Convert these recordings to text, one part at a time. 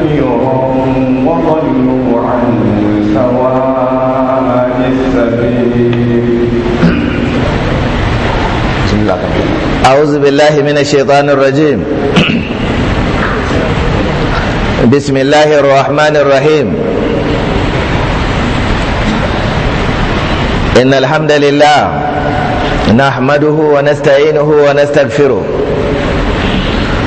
أعوذ بالله من الشيطان الرجيم بسم الله الرحمن الرحيم إن الحمد لله نحمده ونستعينه ونستغفره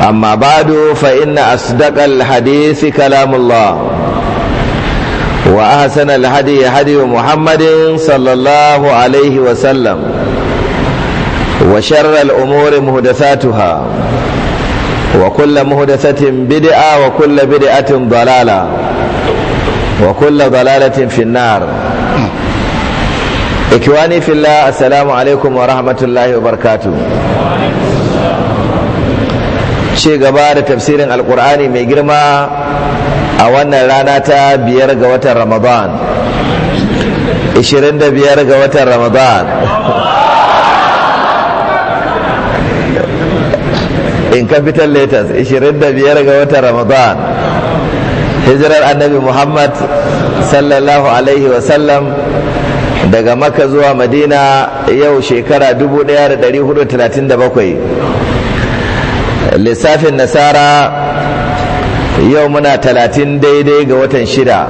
amma ba da fa ina a sadakar hadisi kalamullah wa a hasanar hadiyya hadiyya muhammadin sallallahu alaihi wa sharar umuri muhdasatuha wa kulla muhdasatin bid'a wa kulla bid'atin dalala wa kulla dalalatin finnar ikiwani filla assalamu alaikum wa rahmatullahi wa barakatuh ce gaba da tafsirin alkur'ani mai girma a wannan rana ta biyar ga watan ramadan 25 ga watan ramadan in capital letters 25 ga watan ramadan hijirar annabi muhammad sallallahu alaihi wasallam daga maka zuwa madina yau shekara 1437 lissafin nasara yau muna talatin daidai ga watan shida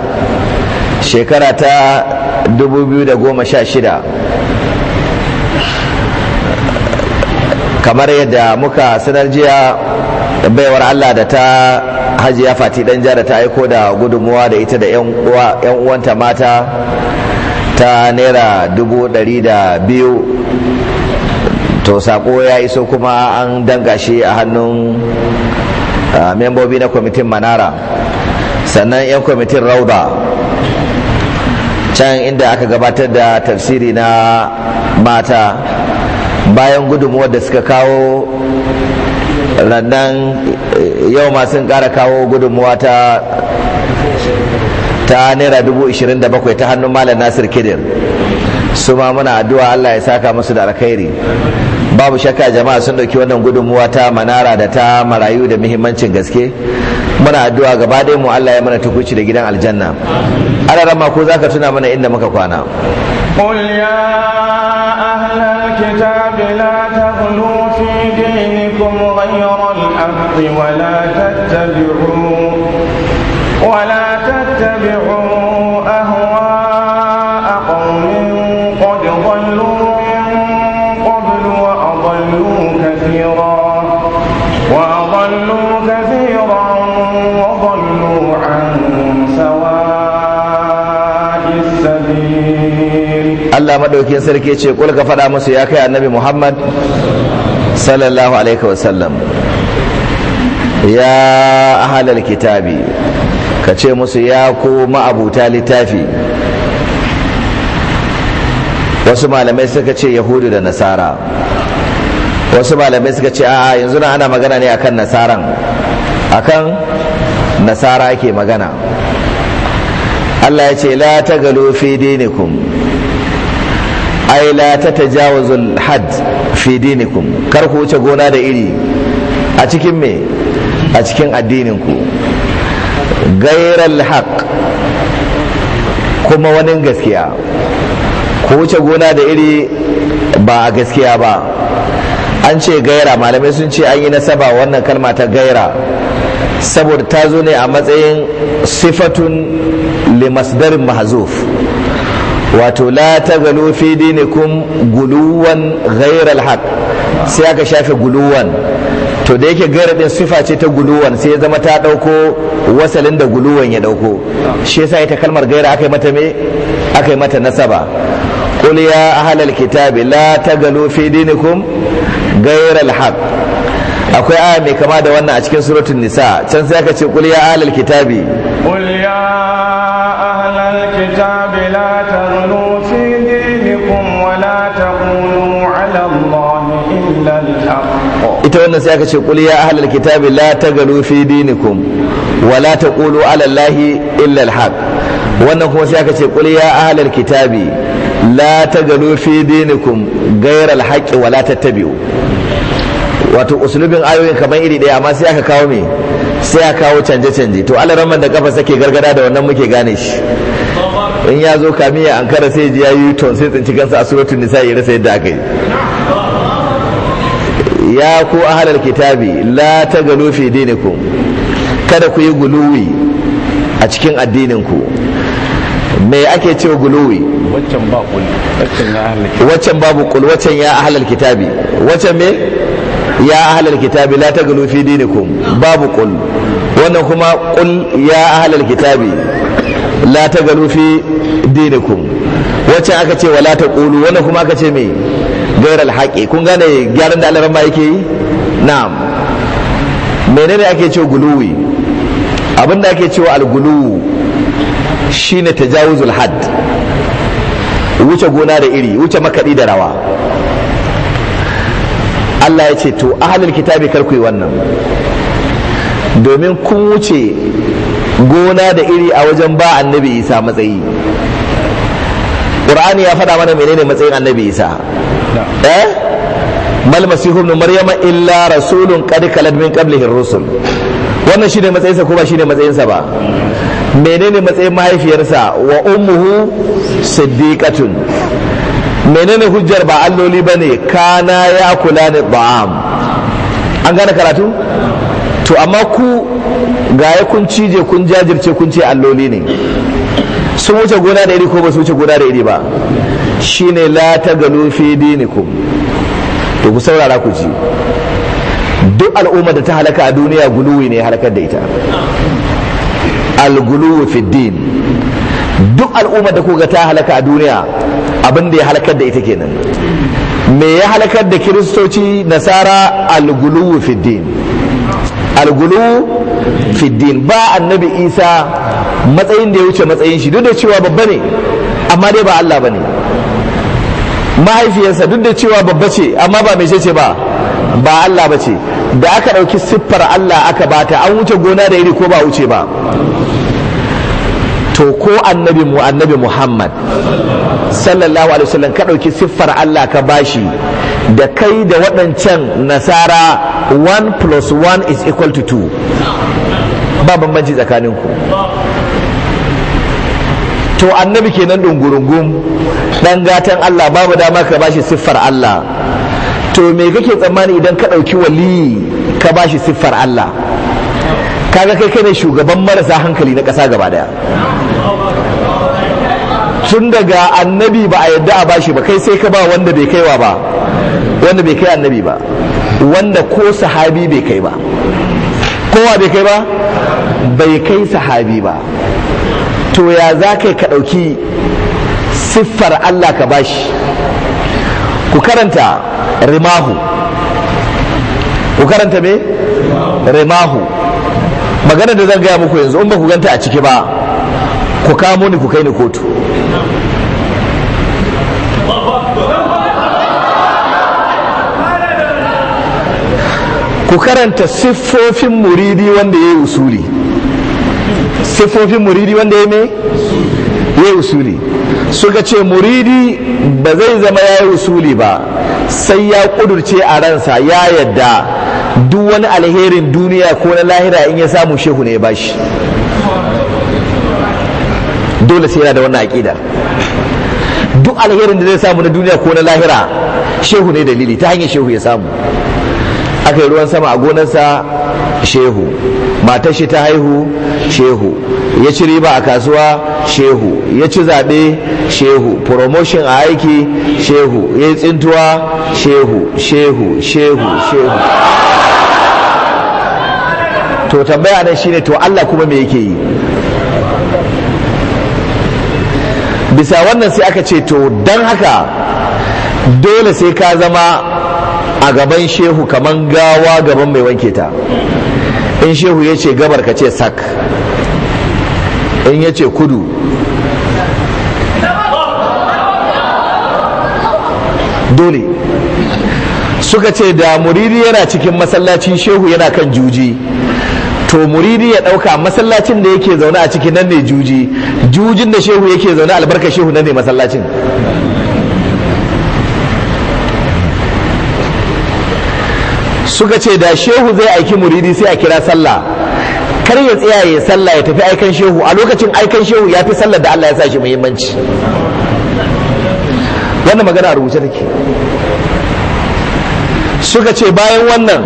shekara ta 2016 kamar yadda muka sanar jiya baiwar allah da ta hajiya fati dan jara ta aiko da gudunmuwa da ita da 'yan uwanta mata ta naira dubu da biyu to sako ya iso kuma an danga shi a hannun membobi na kwamitin manara sannan 'yan kwamitin rauda can inda aka gabatar da tafsiri na mata bayan gudunmuwar da suka kawo rannan eh, yau ma sun kara kawo gudunmuwa ta ta naira 27 ta hannun malam nasir kidir su ma muna addu'a Allah ya saka musu da alkhairi babu shakka jama'a sun dauki wannan gudunmuwa ta manara da ta marayu da muhimmancin gaske muna addu'a gaba ɗaya mu Allah ya mana tukuci da gidan aljanna ana rama ko zaka tuna mana inda muka kwana Allah madaukin sarki ce kul ka faɗa musu ya kai annabi Muhammad sallallahu alaihi wasallam ya ahalal kitabi ka ce musu ya ko ma'abuta littafi wasu malamai suka ce yahudu da nasara wasu malamai suka ce a yanzu na ana magana ne akan nasaran akan nasara ake magana Allah ya ce la tagalu fi dinikum ai la tatajawazul had fi dinikum kar ku wuce gona da iri a cikin me a cikin addininku. ku gairal haq kuma wani gaskiya ku wuce gona da iri ba a gaskiya ba an ce gaira malamai sun ce an yi nasaba wannan kalma ta gaira saboda ta zo ne a matsayin sifatun limasdarin mahazuf wato la tazalu fi dinikum guluwan ghairal haq sai aka shafe guluwan to da yake garadin sifa ce ta guluwan sai ya zama ta dauko wasalin da guluwan ya dauko shi yasa ita kalmar gaira aka yi mata me aka yi mata nasaba qul ya ahlal kitabi la tagalu fi dinikum ghairal haq akwai aya mai kama da wannan a cikin suratul nisa can sai aka ce qul ya ahlal kitabi qul ya ahlal kitabi ta wannan sai aka ce kul ya ahlal kitabi la tagalu fi dinikum wa la taqulu ala allahi illa alhaq wannan kuma sai aka ce kul ya ahlal kitabi la tagalu fi dinikum ghayra alhaq wa la tattabi'u wato uslubin ayoyin kamar iri daya amma sai aka kawo me sai aka kawo canje-canje to alaramman da kafa sake gargada da wannan muke gane shi in ya zo kamiya ankara sai ji ya yi ton sai tsinci kansa a suratul nisa ya rasa yadda aka yi ya ku ahlal kitabi la tagalu fi dinikum kada ku yi guluwi a cikin addininku me ake cewa guluwi waccan babu kul waccan ya ahlal kitabi waccan me ya ahlal kitabi la tagalu fi dinikum babu kul wannan kuma kul ya ahlal kitabi la tagalu fi dinikum wacce aka ce wala ta ƙulu wannan kuma aka ce mai gairar alhaƙi kun gane gyaran da alaran ma yake yi na'am menene ake ce guluwi abin da ake cewa alguluwu shine tajawuzul had wuce gona da iri wuce makaɗi da rawa Allah ya ce to ahalin kitabi kar ku yi wannan domin kun wuce gona da iri a wajen ba annabi isa matsayi qur'ani ya faɗa mana menene matsayin annabi isa eh mal masihu ibn maryama illa rasulun qad kalad min qablihi rusul wannan shine matsayinsa ko ba shine matsayinsa ba menene matsayin mahaifiyarsa wa ummuhu siddiqatun menene hujjar ba alloli bane kana ya kula ni ba'am an gane karatu to amma ku ga ya kun cije kun jajirce kun ce alloli ne sun wuce gona da iri ko ba su wuce gona da iri ba shine la ta galu fi dinikum to ku saurara ku ji duk al'ummar da ta halaka a duniya guluwi ne halakar da ita al-guluwi fi din duk al'ummar da kuka ta halaka a duniya abin da ya halakar da ita kenan me ya halakar da kiristoci nasara al-guluwi fi din al-guluwi fi din ba annabi isa matsayin da ya wuce matsayin shi duk da cewa babba ne amma dai ba Allah ba ne mahaifiyarsa duk da cewa babba ce amma ba mece ce ba ba Allah ba ce da aka ɗauki siffar Allah aka bata an wuce gona da iri ko ba wuce ba to ko annabi mu annabi Muhammad sallallahu alaihi wasallam ka ɗauki siffar Allah ka bashi da kai da waɗancan nasara 1 plus 1 is equal to 2 ba bambanci tsakaninku to annabi kenan dungurungun, dan gatan Allah babu dama ka bashi siffar Allah to me kake tsammani idan ka ɗauki wali ka bashi siffar Allah kaga kai kai ne shugaban marasa hankali na ƙasa gaba daya tun daga annabi ba a yadda a bashi ba kai sai ka ba wanda bai kaiwa ba wanda bai kai annabi ba wanda ko sahabi bai kai ba kowa bai kai ba bai kai sahabi ba to ya za kai ka ɗauki siffar Allah ka bashi ku karanta rimahu ku karanta me rimahu magana da zan gaya muku yanzu in ba ku ganta a ciki ba ku kamo ni ku kai ni kotu ku karanta siffofin muridi wanda ya yi usuli siffofin muridi wanda ya mai ya usuli suka ce muridi ba zai zama ya yi usuli ba sai ya kudurce a ransa ya yadda duk wani alherin duniya ko na lahira in ya samu shehu ne ya bashi dole sai yana da wannan aƙida duk alherin da zai samu na duniya ko na lahira shehu ne dalili ta hanyar shehu ya samu aka yi ruwan sama a gonarsa shehu matar shi ta haihu shehu ya ci riba a kasuwa shehu ya ci zaɓe shehu promotion a aiki shehu ya yi tsintuwa shehu shehu shehu shehu to tambaya nan shine to Allah kuma me yake yi bisa wannan sai aka ce to don haka dole sai ka zama a gaban shehu kaman gawa gaban mai wanke ta in shehu ya ce gabar ka ce sak in ya ce kudu dole suka ce da muridi yana cikin masallacin shehu yana kan juji to muridi ya ɗauka masallacin da yake zaune a ciki nan ne juji jujin da shehu yake zaune albarka shehu nan ne masallacin suka ce da shehu zai aiki muridi sai a kira sallah kar ya tsaya ya sallah ya tafi aikan shehu a lokacin aikan shehu ya fi sallar da Allah ya sa shi muhimmanci wannan magana rubuce take suka ce bayan wannan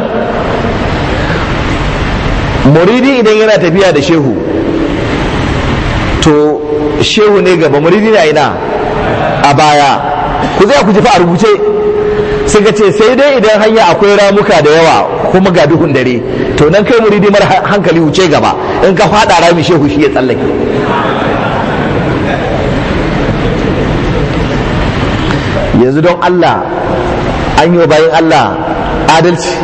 muridi idan yana tafiya da shehu to shehu ne gaba muridi na ina a baya ku zai ku jifa a rubuce suka ce sai dai idan hanya akwai ramuka da yawa kuma ga duhun dare to nan kai muridi mara hankali wuce gaba in ka fada rami shehu shi ya tsallake yanzu don Allah an yi bayan Allah adalci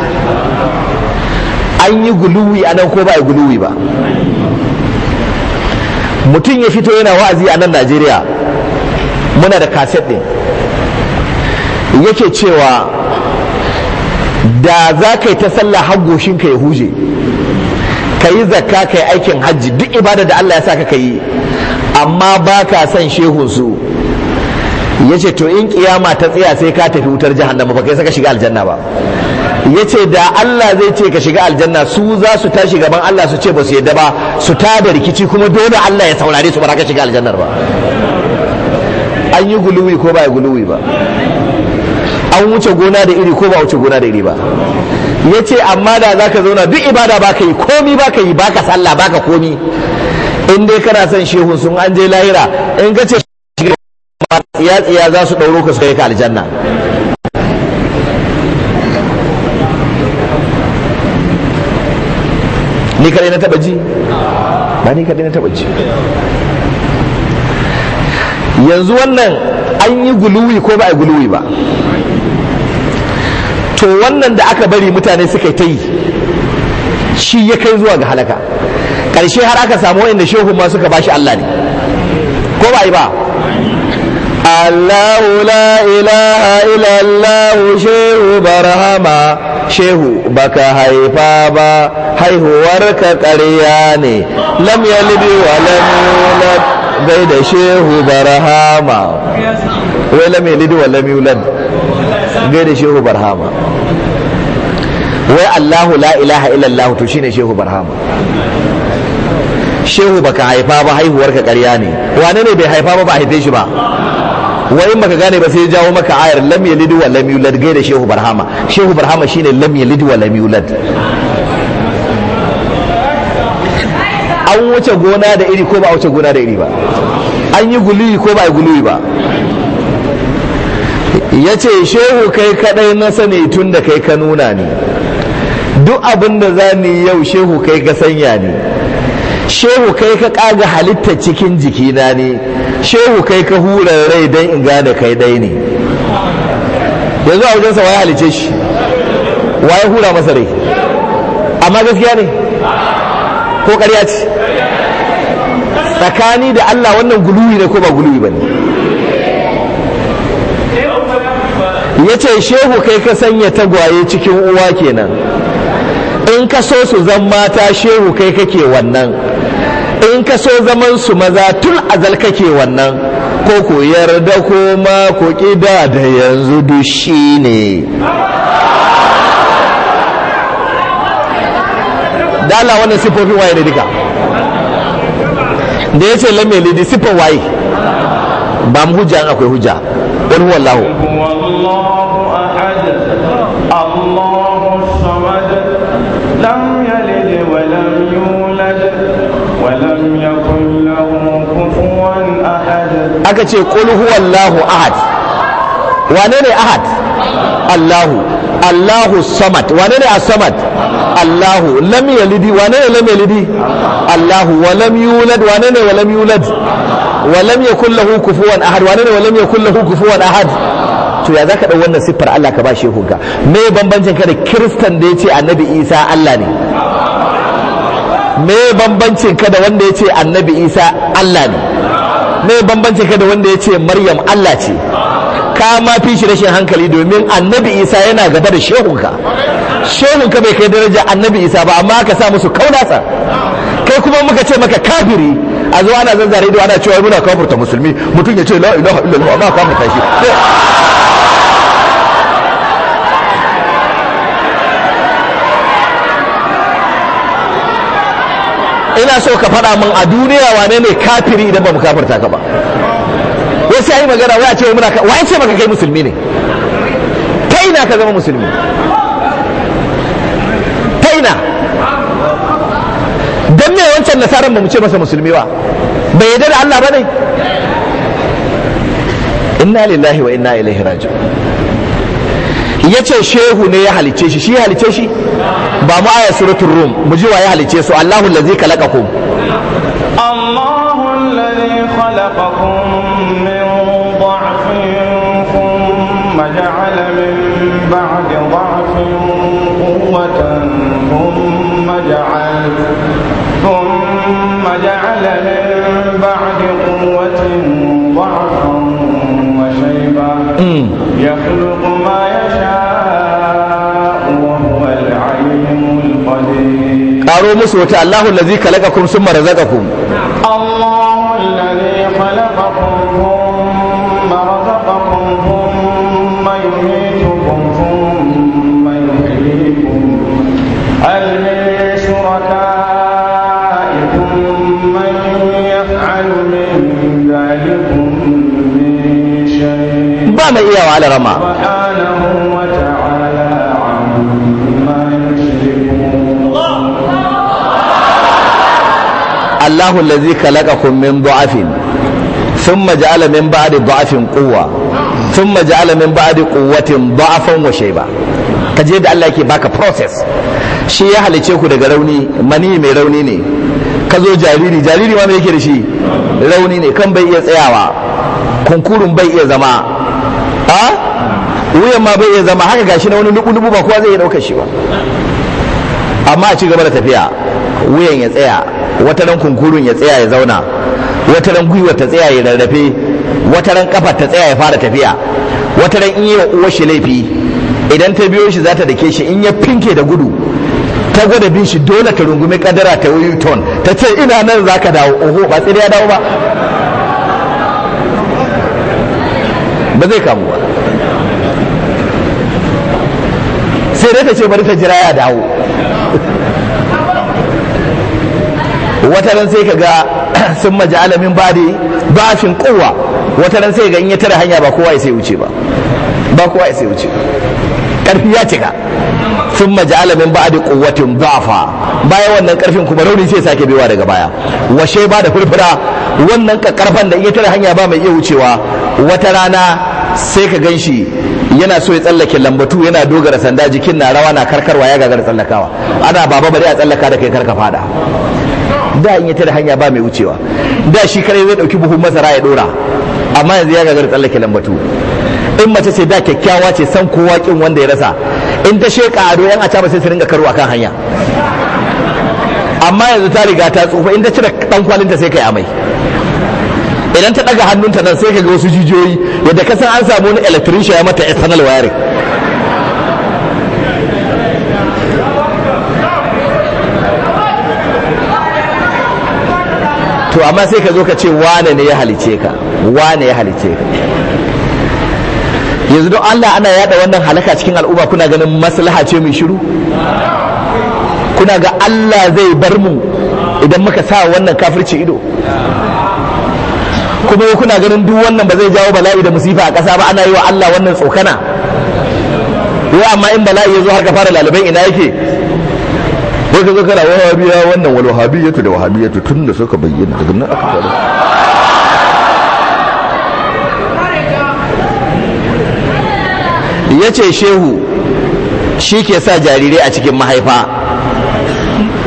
an yi guluwi a ko ba a guluwi ba mutum ya fito yana wa'azi a nan Najeriya muna da kaset ne. yake cewa da za ka yi ta sallah haggoshin ka ya huje ka yi zakka ka yi aikin hajji duk ibada da Allah ya sa ka yi amma ba ka son shehunsu ya ce to in kiyama ta tsaya sai ka tafi wutar jahannama ba kai saka shiga aljanna ba ya ce da Allah zai ce ka shiga aljanna su za su tashi gaban Allah su ce ba su yadda ba su ta da rikici kuma dole Allah ya saurare su ba ka shiga aljannar ba an yi guluwi ko ba ya guluwi ba an wuce gona da iri ko ba wuce gona da iri ba ya ce amma da za ka zauna duk ibada ba ka yi komi ba ka yi ba ka sallah ba ka komi in dai kana son shehun sun an je lahira in ka ce ya tsiya za su ɗauro ka su kai ka aljanna ni kadai na taɓa ji ba ni kadai na taɓa ji yanzu wannan an yi guluwi ko ba a guluwi ba to wannan da aka bari mutane suka ta yi shi ya kai zuwa ga halaka ƙarshe har aka samu wa'inda shehu ma suka bashi Allah ne ko ba yi ba Allahu la ilaha illallah shehu barhama shehu baka haifa ba haihuwar ka ƙarya ne lam wa lam yulad da shehu barahama wai lami lidi wa lam yulad gaida shehu barahama, wai Allahu la ilaha illallah to shine shehu barahama, shehu baka haifa ba haihuwar ka ƙarya ne wane ne bai haifa ba ba haife shi ba wai in baka gane ba sai jawo maka ayar lam yalid wa lam yulad gaida shehu barhama shehu barhama shine lam yalid wa lam yulad an wuce gona da iri ko ba a wuce gona da iri ba an yi guluyi ko ba a guluyi ba ya ce shehu kai kadai na sani tun da kai ka nuna ni duk abin da za ni yau shehu kai ka sanya ni shehu kai ka kaga halitta cikin jikina ne shehu kai ka hura rai don in gane kai dai ne yanzu a wajensa waye halice shi waye hura masa rai amma gaskiya ne ko ƙarya ce tsakani da Allah wannan guluwi ne ko ba guluwi ba ne ya ce shehu kai ka sanya tagwaye cikin uwa kenan in ka so su zan mata shehu kai kake wannan in ka so zaman su maza tun azal kake wannan ko ku yarda ko ma ku kida da yanzu dushi ne dala wannan sifofin waye ne duka da ya ce lamme lidi sifar waye ba mu hujja akwai hujja wani wallahu aka ce qul wallahu ahad wane ne ahad allahu Allahu samad wane ne a samad Allahu lam yalidi wane ne lam yalidi Allahu wa lam yulad wane ne wa lam yulad wa lam yakul lahu kufuwan ahad wane ne wa lam yakul lahu kufuwan ahad to ya zaka dau wannan siffar Allah ka ba shi hukunka me bambancin ka da kristan da yace annabi Isa Allah ne me bambancin ka da wanda yace annabi Isa Allah ne me bambancin ka da wanda yace Maryam Allah ce ka ma fi shi rashin hankali domin annabi isa yana gaba da shehunka shehunka bai kai daraja annabi isa ba amma ka sa musu kaunasa kai kuma muka ce maka kafiri a zo ana zanzare ido ana cewa muna kafurta musulmi mutum ya ce la ilaha illallah ma kafurta shi ina so ka faɗa min a duniya wane ne kafiri idan ba mu kafirta ka ba wai sai yi magana wai a ce muna ka wai ce maka kai musulmi ne ta ina ka zama musulmi ta ina dan me wancan nasaran ba mu ce masa musulmi ba bai yarda da Allah ba ne inna lillahi wa inna ilaihi raji'un yace shehu ne ya halice shi shi ya halice shi ba mu aya suratul rum mu ji wa ya halice su Allahu allazi khalaqakum Allahu allazi khalaqakum karo musu wata Allahu allazi khalaqakum summa razaqakum Allahu allazi khalaqakum thumma razaqakum thumma yumeetukum thumma yuhyikum hal min shurakaikum man yaf'alu min dhalikum min shay' ba mai iyawa ala rama Allahu allazi khalaqakum min du'afin thumma ja'ala min ba'di du'afin quwwa thumma ja'ala min ba'di quwwatin du'afan wa shayba kaje da Allah yake baka process shi ya halice ku daga rauni mani mai rauni ne ka zo jariri jariri ma me yake da shi rauni ne kan bai iya tsayawa kunkurun bai iya zama a wuyan ma bai iya zama haka gashi na wani nubu-nubu ba kowa zai iya ɗaukar shi ba amma a ci gaba da tafiya wuyan ya tsaya wata ran kunkurun ya tsaya ya zauna wata ran gwiwa ta tsaya ya rarrafe wata ran kafar ta tsaya ya fara tafiya wata ran in yi wa uwar shi laifi idan ta biyo shi za ta dake shi in ya finke da gudu ta gwada bin shi dole ta rungumi kadara ta yi ton ta ce ina nan za ka dawo oho ba tsiri ya dawo ba ba zai kamu ba sai dai ta ce bari ta jira ya dawo wata ran sai ka ga sun maji alamin bade bashin kowa wata ran sai ga in ya tare hanya ba kowa ya sai wuce ba ba kowa ya sai wuce karfi ya cika sun maja'ala min da quwwatin da'fa bayan wannan karfin kuma rauni sai sake biyowa daga baya washe ba da furfura wannan karfan da in ya tare hanya ba mai iya wucewa wata rana sai ka ganshi yana so ya tsallake lambatu yana dogara sanda jikin na rawa na karkarwa ya gagara tsallakawa ana baba bari a tsallaka da kai karka fada da in ta da hanya ba mai wucewa da shi kare zai dauki buhun masara ya dora amma yanzu ya gagara tsallake lambatu in mace ce da kyakkyawa ce san kowa kin wanda ya rasa in ta sheka ado yan acaba sai su ringa karo akan hanya amma yanzu ta riga ta tsufa in ta cire dan kwalinta sai kai amai idan ta daga hannunta nan sai ka ga wasu jijiyoyi yadda ka san an samu wani electrician ya mata external wiring to amma sai ka zo ka ce wane ne ya halice ka wane ya halice ka yanzu don Allah ana yada wannan halaka cikin al'umma kuna ganin maslaha ce mai shiru kuna ga Allah zai bar mu idan muka sa wannan kafirci ido kuma kuna ganin duk wannan ba zai jawo bala'i da musifa a ƙasa ba ana yi wa Allah wannan tsokana yau amma in bala'i ya zo har ka fara laliban ina yake sai ka zo kana wahabiya wannan wal wahabiyatu da wahabiyatu tun da suka bayyana daga nan aka fara ya ce shehu shi ke sa jarirai a cikin mahaifa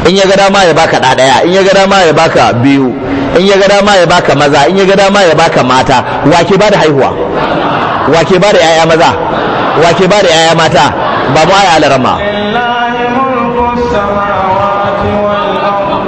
in ya ga dama ya baka ɗaɗaya in ya ga dama ya baka biyu in ya ga dama ya baka maza in ya ga dama ya baka mata wake ba da haihuwa wake ba da 'ya'ya maza wake ba da 'ya'ya mata ba mu aya alarama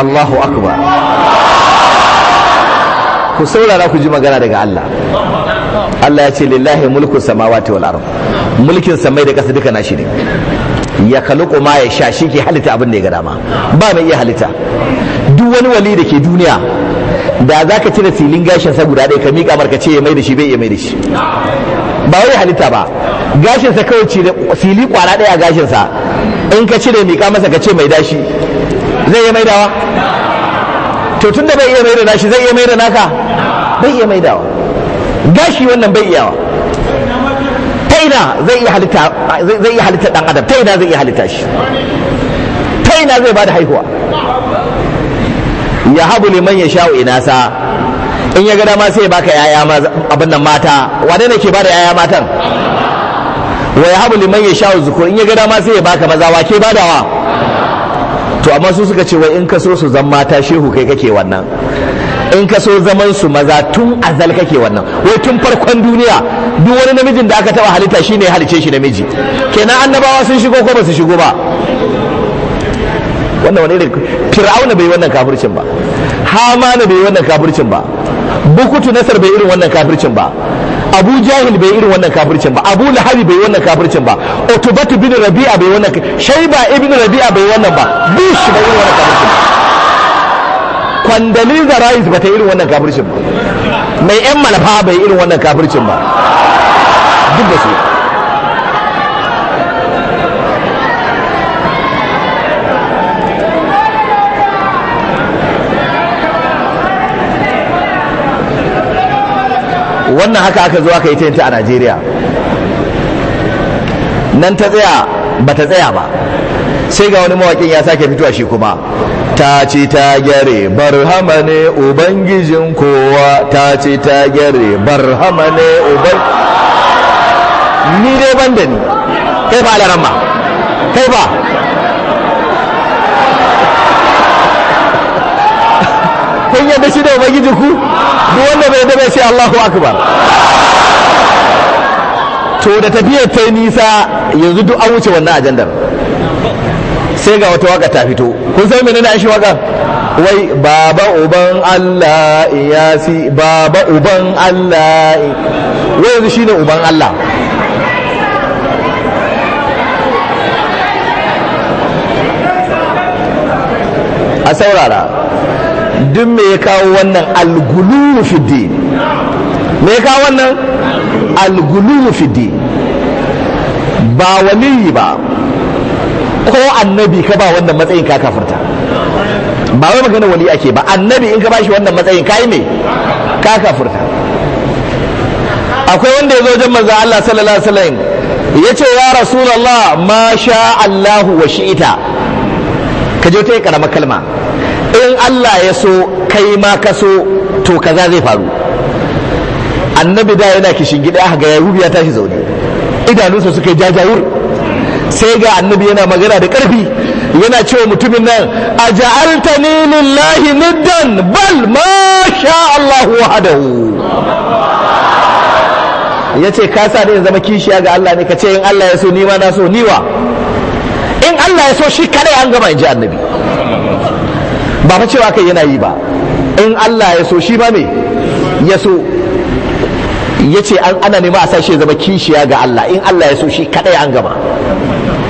Allahu akbar ku saurara ku ji magana daga Allah Allah ya ce lillahi mulkun samawati wal ardh mulkin samai da ƙasa duka nashi ne ya kaluku ma ya sha shi ke halitta abin da ya ga dama ba mai iya halitta duk wani wali da ke duniya da za ka cire silin gashin sa guda ɗaya ka miƙa marka ce ya mai da shi bai ya mai da shi ba wai halitta ba gashin sa kawai cire sili kwara ɗaya gashin sa in ka cire miƙa masa ka ce mai dashi zai iya maidawa to tunda bai iya maida nashi zai iya maida naka bai iya maidawa gashi wannan bai iyawa ta ina zai iya halitta zai iya halitta dan adam ta ina zai iya halitta shi ta ina zai bada haihuwa ya habu liman ya sha'u inasa in ya ga dama sai ya baka yaya abin nan mata wane ne ke bada yaya matan wa ya habu liman ya sha'u zukur in ya ga dama sai ya baka maza wa ke badawa to amma su suka ce wai in ka so su zan mata shehu kai kake wannan in ka so zaman su maza tun azal kake wannan wai tun farkon duniya duk wani namijin da aka taba halitta shine halice shi namiji kenan annabawa sun shigo ko ba su shigo ba wannan wani irin fir'auna bai wannan kafircin ba hamana bai wannan kafircin ba bukutu nasar bai irin wannan kafircin ba abu jahil bai irin wannan kafircin ba abu lahabi bai wannan kafircin ba utubatu bin rabi'a bai wannan shaiba ibn rabi'a bai wannan ba Bush bai irin wannan kafircin ba kwandaliza rais ba ta irin wannan kafircin ba mai yan malafa bai irin wannan kafircin ba duk da su wannan haka aka zuwa aka yi ta a najeriya nan ta tsaya ba ta tsaya ba sai ga wani mawakin ya sake fitowa shi kuma ta ci ta gyare barhama ne ubangijin kowa ta ci ta gyare barhama ne uban ni dai ban da ni kai ba alarama kai ba kun yadda shi da ubangijin ku duk wanda bai dabe sai Allahu akbar to da tafiyar ta nisa yanzu duk an wuce wannan ajandar sai ga wata waka ta fito kun san menene an shi waka wai baba uban Allah ya si baba uban Allah wai yanzu shine uban Allah a saurara duk me ya kawo wannan algulu fi din me ya kawo wannan algulu fi ba waliyi ba ko annabi ka ba wannan matsayin ka kafirta ba wai magana wali ake ba annabi in ka bashi wannan matsayin yi ne ka kafirta akwai wanda ya zo wajen manzo Allah sallallahu alaihi wasallam ya ce ya rasulullah ma sha Allahu wa shi'ita ka je ta yi karama kalma in Allah ya so kai ma ka so to kaza zai faru annabi da yana kishin gida aka ga yarubi ya tashi zaune idanunsa suka yi jajawur sai ga annabi yana magana da ƙarfi yana cewa mutumin nan a ja'alta ni lillahi niddan bal ma sha Allah wahdahu ya ce ka sa ne zama kishiya ga Allah ne ka ce in Allah ya so ni ma na so niwa in Allah ya so shi kaɗai an gama in ji annabi ba fa cewa kai yana yi ba in Allah ya so shi ba me ya so ya ce ana nema a sashe zama kishiya ga Allah in Allah ya so shi kadai an gama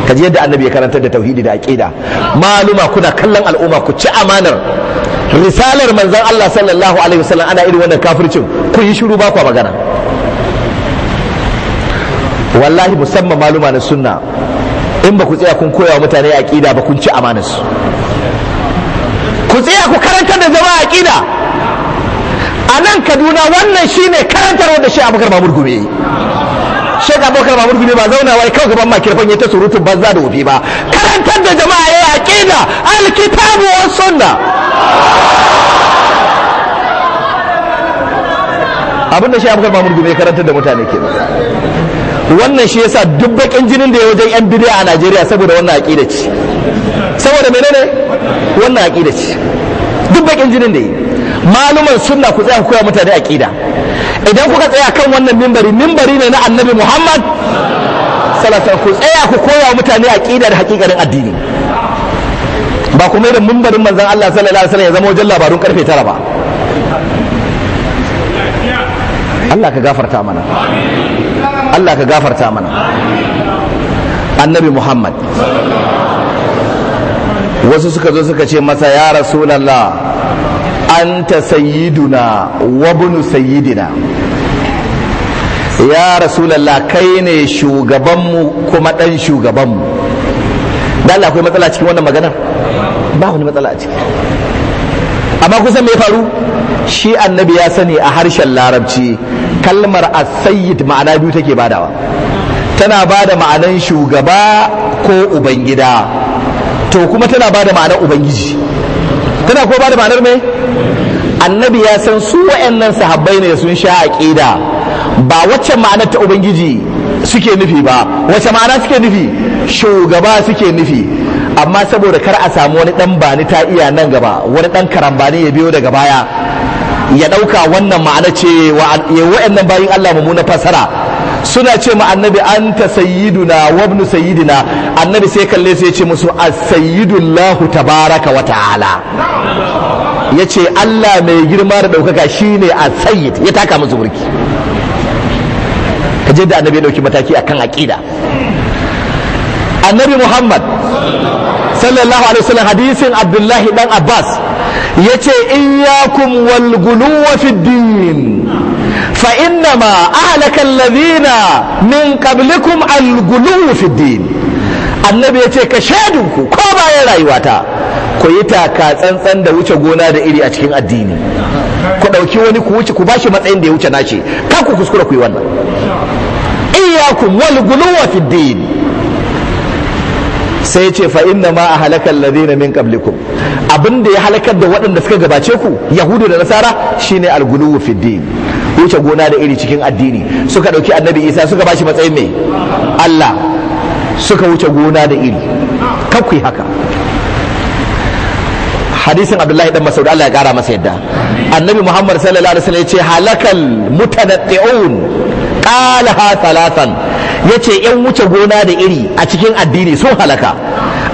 kaji yadda annabi ya karantar da tauhidi da aqida maluma kuna kallon al'umma ku ci amanar risalar manzon Allah sallallahu alaihi wasallam ana irin wannan kafircin ku yi shiru ba ku magana wallahi musamman maluma na sunna in ba ku tsaya kun koya wa mutane aqida ba kun ci amanar su ku tsaya ku karantar da zama aƙida a nan kaduna wannan shine karantarwa da shi abubakar babur gumi shek abubakar babur gumi ba zauna wai kawai gaban makirfan ya ta surutun za da wofi ba karantar da jama'a ya aƙida alkitabu wa sunna abinda da shi abubakar babur gumi karantar da mutane ke wannan shi yasa duk bakin jinin da ya wajen yan bidiya a Najeriya saboda wannan aqida ce saboda menene wannan aqida ce duk bakin jinin da yi maluman sunna ku tsaya ku koya mutane aqida idan kuka tsaya kan wannan mimbari mimbari ne na annabi Muhammad sallallahu ku tsaya ku koya mutane aqida da hakikarin addini ba kuma da mimbarin manzon Allah sallallahu alaihi wasallam ya zama wajen labarun karfe tara ba Allah ka gafarta mana Allah ka gafarta mana annabi Muhammad wasu suka zo suka ce masa ya rasulallah anta sayyiduna wa bunu sayyidina ya rasulallah kai ne shugabanmu kuma dan shugabanmu da Allah akwai matsala cikin wannan maganar ba wani matsala a ciki amma kusan me faru shi annabi ya sani a harshen larabci kalmar as ma'ana biyu take badawa tana bada ma'anan shugaba ko ubangida to kuma tana bada ma'anar ubangiji tana ko bada ma'anar me annabi ya san su wa'annan sahabbai ne sun sha aqida ba wacce ma'anar ta ubangiji suke nufi ba wacce ma'ana suke nufi shugaba suke nufi amma saboda kar a samu wani dan bani ta iya nan gaba wani dan karambani ya biyo daga baya ya ɗauka wannan ma'ana ce wa'annan bayin Allah na fasara suna ce ma annabi anta sayyiduna wa ibnu sayyidina annabi sai kalle sai ya ce musu as-sayyidullahu tabaraka wa ta'ala yace Allah mai girma da ɗaukaka shine as-sayyid ya taka musu burki kaje da annabi ya dauki mataki akan aqida annabi Muhammad sallallahu alaihi wasallam hadisin abdullahi dan abbas yace iyyakum wal guluwa fi din fa ma ahlaka alladhina min qablikum al guluwa fi din annabi yace ka ku ko bayan rayuwata ku yi taka tsantsan da wuce gona da iri a cikin addini ku ɗauki wani ku wuce ku bashi matsayin da ya wuce nashi kan ku kuskura ku yi wannan iyyakum wal guluwa fi din sai ce fa inna ma a halakar ladina min qablikum abin da ya halakar da waɗanda suka gabace ku yahudu da nasara shine alguluwu fi din wuce gona da iri cikin addini suka ɗauki annabi isa suka bashi matsayin mai allah suka wuce gona da iri kakwai haka hadisin abdullahi dan masaud allah ya kara masa yadda annabi muhammad sallallahu alaihi wasallam ya ce halakal mutanatti'un qalaha talatan yace yan wuce gona da iri a cikin addini sun halaka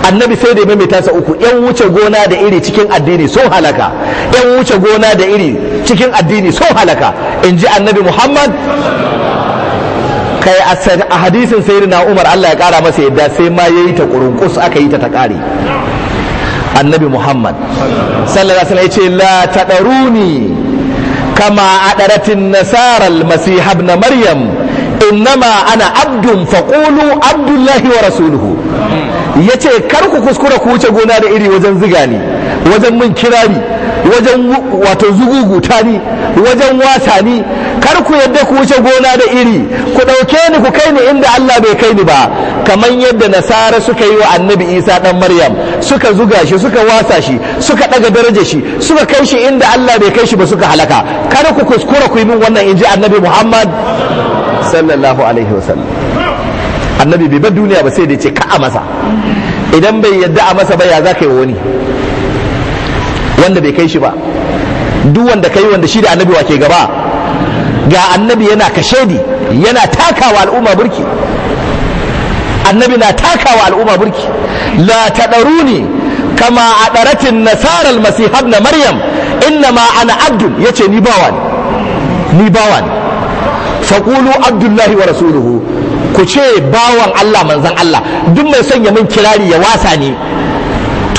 annabi sai da mai tasa uku yan wuce gona da iri cikin addini sun halaka yan wuce gona da iri cikin addini sun halaka in ji annabi muhammad kai a hadisin sayyidina umar allah ya kara masa yadda sai ma yayi ta kurunkus aka yi ta ta kare annabi muhammad sallallahu alaihi wasallam yace la tadaruni kama adaratin nasara almasih ibn maryam innama ana abdun faqulu abdullahi wa rasuluhu yace kar ku kuskura ku wuce gona da iri wajen ziga ni wajen min kirari wajen wato zugugu ni wajen wasa ni kar ku yadda ku wuce gona da iri ku ɗauke ni ku kai ni inda Allah bai kai ni ba kamar yadda nasara suka yi wa annabi isa dan maryam suka zuga shi suka wasa shi suka ɗaga daraja shi suka kai shi inda Allah bai kai shi ba suka halaka kar ku kuskura ku yi min wannan inji annabi muhammad sallallahu alaihi wasallam annabi bai bar duniya ba sai da ce ka a masa idan bai yadda a masa ba ya za ka yi wani wanda bai kai shi ba duk wanda kai wanda shi da annabi wa ke gaba ga annabi yana kashedi yana takawa al'umma burki annabi na takawa al'umma burki la tadaruni kama a daratin nasarar masihab na maryam ma ana abdul ya ce ni bawa ne ni bawa ne faƙulu abdullahi wa rasuluhu ku ce bawan allah manzan allah duk mai son ya min kirari ya wasa ne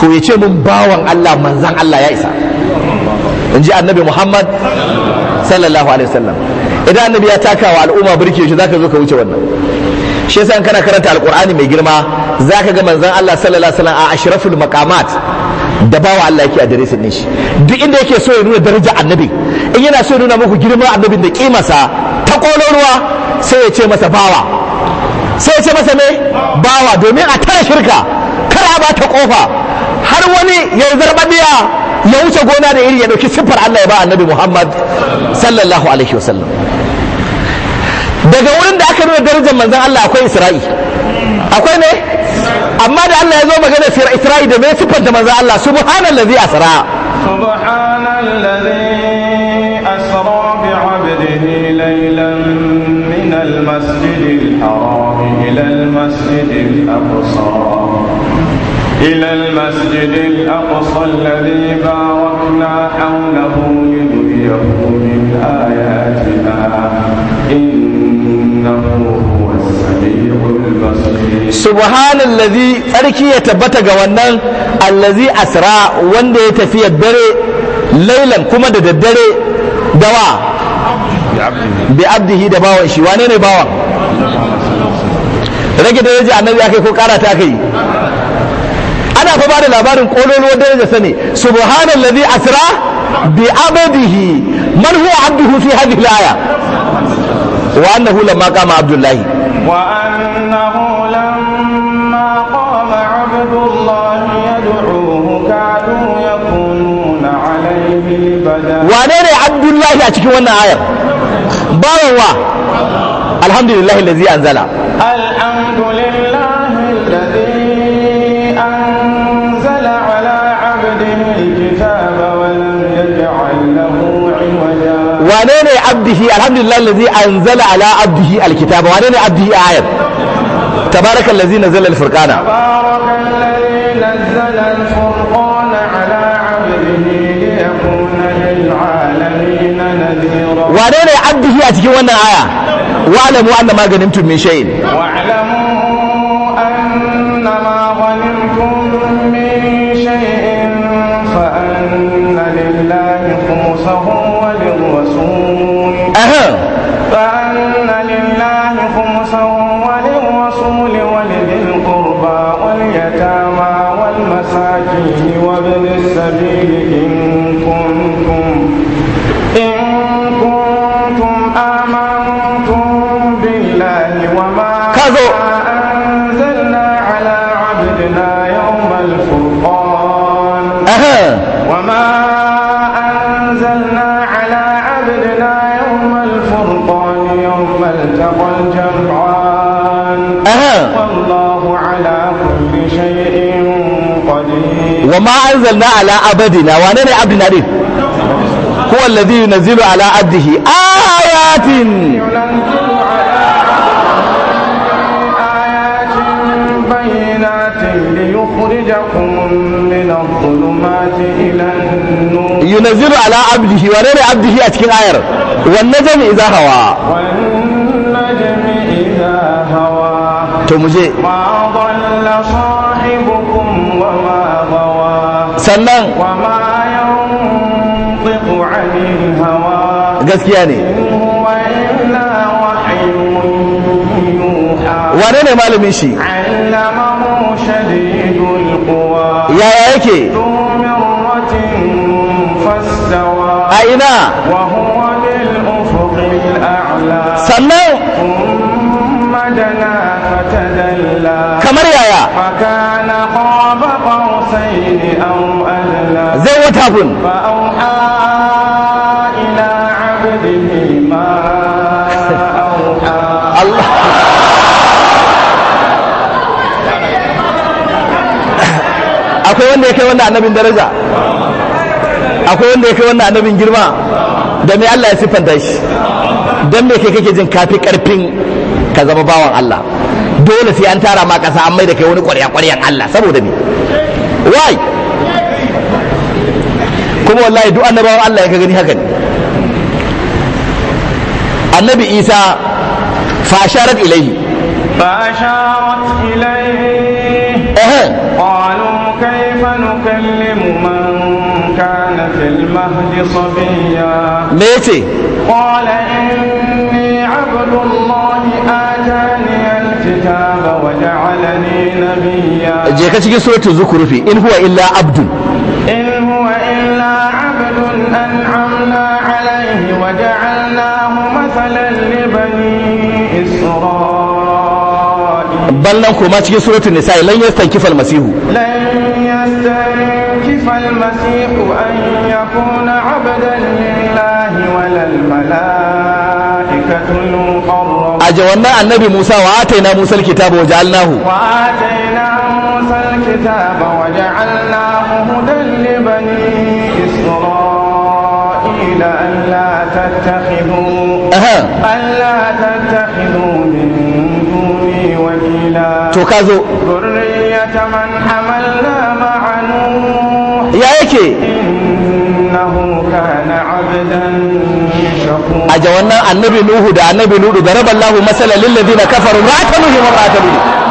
to ya ce mun bawan Allah manzan Allah ya isa in ji annabi Muhammad sallallahu alaihi wasallam idan annabi ya taka wa al'umma birki shi zaka zo ka wuce wannan shi yasa kana karanta alqur'ani mai girma zaka ga manzan Allah sallallahu alaihi wasallam a ashraful maqamat da bawa Allah yake adiresin din shi duk inda yake so ya nuna daraja annabi in yana so ya nuna muku girman annabin da kimarsa ta kololuwa sai ya ce masa bawa sai ya ce masa me bawa domin a tara shirka kar a ba ta kofa har wani ya zarbabiya ya wuce gona da iri ya dauki siffar Allah ya ba annabi Muhammad sallallahu alaihi wasallam daga wurin da aka nuna darajar manzon Allah akwai Isra'i akwai ne amma da Allah ya zo magana Isra'i da mai siffar da manzon Allah subhanallazi asra subhanallazi asra bi 'abdihi laylan min al-masjidil haram ila al-masjidil aqsa إلى المسجد الأقصى الذي باركنا حوله لنريه من آياتنا إنه هو السميع البصير سبحان الذي أركي يتبتغ ونن الذي أسرى وند يتفي الدري ليلا كما الدري دواء بعبده دباوة شي وانين باوة rage da yaji annabi akai ko kara ta kai ana fa bada labarin kololuwar daraja sani subhanallazi asra bi abadihi man huwa abduhu fi hadhihi al-aya wa annahu lamma qama abdullahi wa annahu lamma qama abdullahi yad'uhu kadu yakununa alayhi bada wane ne abdullahi a cikin wannan ayar bawan wa alhamdulillahi allazi anzala alhamdulillah wane ne abdihi alhamdulillah allazi anzala ala abdihi alkitaba wane ne abdihi ayat tabaraka allazi nazala alfurqana wane ne abdihi a cikin wannan aya wa'lamu anna ma tun min shay'in وما أنزلنا على عبدنا وانا ني عبدنا دين هو الذي ينزل على عبده آيات ينزل على عبده وانا عبده أتكين عير والنجم إذا هوا والنجم إذا هوا تومجي sannan gaskiya ne wane ne malamin shi yaya yake a ina sannan kamar yaya كهف akwai wanda ya kai wannan annabin daraja akwai wanda ya kai wannan annabin girma da mai Allah ya siffanta shi don me kai kake jin kafi karfin ka zama bawan Allah dole sai an tara ma kasa an mai da kai wani ƙwarya ƙwaryan Allah saboda me why kuma wallahi duk annabawan Allah ya ka gani haka ne annabi Isa fa asharat ilayhi fa asharat ilayhi qalu kayfa nukallimu man kana fil mahdi sabiya me yace qala inni abdullahi atani alkitaba wa ja'alani nabiyya je ka cikin suratul zukhruf in huwa illa abdun إن هو إلا عبد أنعمنا عليه وجعلناه مثلا لبني إسرائيل بل لنكو ما تجي سورة النساء لن يستنكف المسيح لن يستنكف المسيح أن يكون عبدا لله ولا الملائكة المقربون أجونا النبي موسى وآتينا موسى الكتاب وجعلناه وآتينا موسى الكتاب وجعلناه بني إسرائيل ألا تتخذوا ألا تتخذوا من دوني وكيلا تكذو ذرية من حملنا annabi nuhu da annabi nuhu da raballahu masala lillazina kafaru ra'ata nuhu wa ra'ata nuhu